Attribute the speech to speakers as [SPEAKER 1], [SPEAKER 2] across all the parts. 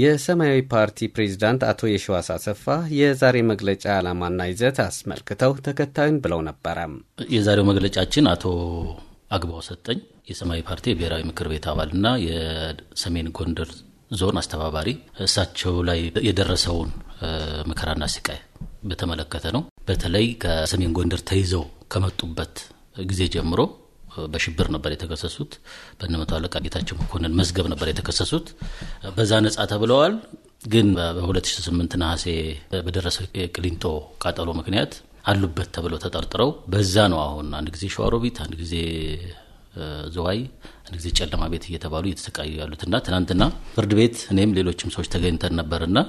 [SPEAKER 1] የሰማያዊ ፓርቲ ፕሬዚዳንት አቶ የሸዋስ አሰፋ የዛሬ መግለጫ ዓላማና ይዘት አስመልክተው ተከታዩን ብለው ነበረ። የዛሬው መግለጫችን አቶ አግባው
[SPEAKER 2] ሰጠኝ የሰማያዊ ፓርቲ የብሔራዊ ምክር ቤት አባልና የሰሜን ጎንደር ዞን አስተባባሪ እሳቸው ላይ የደረሰውን መከራና ስቃይ በተመለከተ ነው። በተለይ ከሰሜን ጎንደር ተይዘው ከመጡበት ጊዜ ጀምሮ በሽብር ነበር የተከሰሱት። በእነ መቶ አለቃ ጌታቸው መኮንን መዝገብ ነበር የተከሰሱት። በዛ ነጻ ተብለዋል። ግን በ2008 ነሐሴ በደረሰው የቅሊንጦ ቃጠሎ ምክንያት አሉበት ተብለው ተጠርጥረው በዛ ነው አሁን አንድ ጊዜ ሸዋሮቢት፣ አንድ ጊዜ ዝዋይ፣ አንድ ጊዜ ጨለማ ቤት እየተባሉ እየተሰቃዩ እና ትናንትና ፍርድ ቤት እኔም ሌሎችም ሰዎች ተገኝተን ነበርና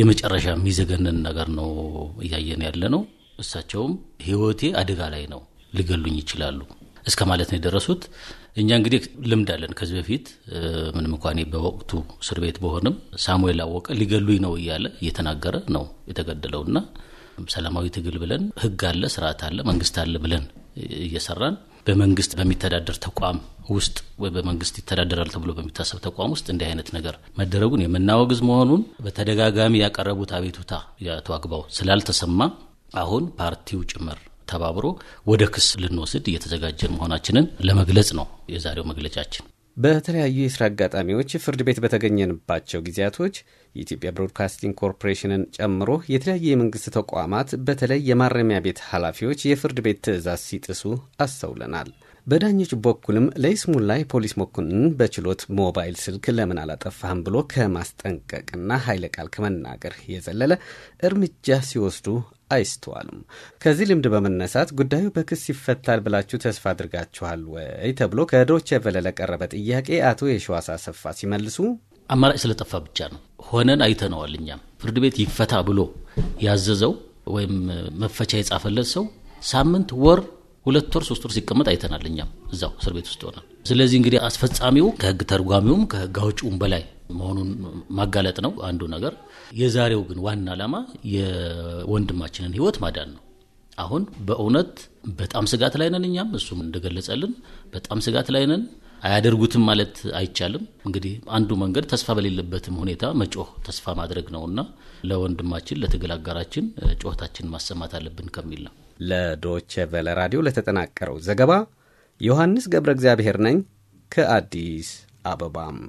[SPEAKER 2] የመጨረሻ የሚዘገንን ነገር ነው እያየን ያለ ነው። እሳቸውም ህይወቴ አደጋ ላይ ነው፣ ሊገሉኝ ይችላሉ እስከ ማለት ነው የደረሱት። እኛ እንግዲህ ልምድ አለን ከዚህ በፊት ምንም እንኳን በወቅቱ እስር ቤት በሆንም ሳሙኤል አወቀ ሊገሉኝ ነው እያለ እየተናገረ ነው እና ሰላማዊ ትግል ብለን ህግ አለ፣ ስርዓት አለ፣ መንግስት አለ ብለን እየሰራን በመንግስት በሚተዳደር ተቋም ውስጥ ወይ በመንግስት ይተዳደራል ተብሎ በሚታሰብ ተቋም ውስጥ እንዲህ አይነት ነገር መደረጉን የምናወግዝ መሆኑን በተደጋጋሚ ያቀረቡት አቤቱታ የአቶ አግባው ስላልተሰማ አሁን ፓርቲው ጭምር ተባብሮ ወደ ክስ ልንወስድ እየተዘጋጀን መሆናችንን ለመግለጽ ነው የዛሬው መግለጫችን።
[SPEAKER 1] በተለያዩ የስራ አጋጣሚዎች ፍርድ ቤት በተገኘንባቸው ጊዜያቶች የኢትዮጵያ ብሮድካስቲንግ ኮርፖሬሽንን ጨምሮ የተለያዩ የመንግስት ተቋማት በተለይ የማረሚያ ቤት ኃላፊዎች የፍርድ ቤት ትዕዛዝ ሲጥሱ አስተውለናል። በዳኞች በኩልም ለይስሙላ የፖሊስ መኮንን በችሎት ሞባይል ስልክ ለምን አላጠፋህም ብሎ ከማስጠንቀቅና ኃይለ ቃል ከመናገር የዘለለ እርምጃ ሲወስዱ አይስተዋሉም። ከዚህ ልምድ በመነሳት ጉዳዩ በክስ ይፈታል ብላችሁ ተስፋ አድርጋችኋል ወይ ተብሎ ከዶቼ ቬለ ለቀረበ ጥያቄ አቶ የሸዋስ አሰፋ ሲመልሱ አማራጭ ስለጠፋ ብቻ ነው።
[SPEAKER 2] ሆነን አይተነዋል። እኛም ፍርድ ቤት ይፈታ ብሎ ያዘዘው ወይም መፈቻ የጻፈለት ሰው ሳምንት፣ ወር ሁለት ወር ሶስት ወር ሲቀመጥ አይተናል። እኛም እዛው እስር ቤት ውስጥ ሆናል። ስለዚህ እንግዲህ አስፈጻሚው ከህግ ተርጓሚውም ከህግ አውጪውም በላይ መሆኑን ማጋለጥ ነው አንዱ ነገር። የዛሬው ግን ዋና ዓላማ የወንድማችንን ህይወት ማዳን ነው። አሁን በእውነት በጣም ስጋት ላይ ነን። እኛም እሱም እንደገለጸልን በጣም ስጋት ላይ ነን። አያደርጉትም ማለት አይቻልም። እንግዲህ አንዱ መንገድ ተስፋ በሌለበትም ሁኔታ መጮህ ተስፋ ማድረግ ነውና ለወንድማችን ለትግል አጋራችን ጩኸታችን ማሰማት አለብን
[SPEAKER 1] ከሚል ነው። ለዶቼ ቬለ ራዲዮ ለተጠናቀረው ዘገባ ዮሐንስ ገብረ እግዚአብሔር ነኝ ከአዲስ አበባም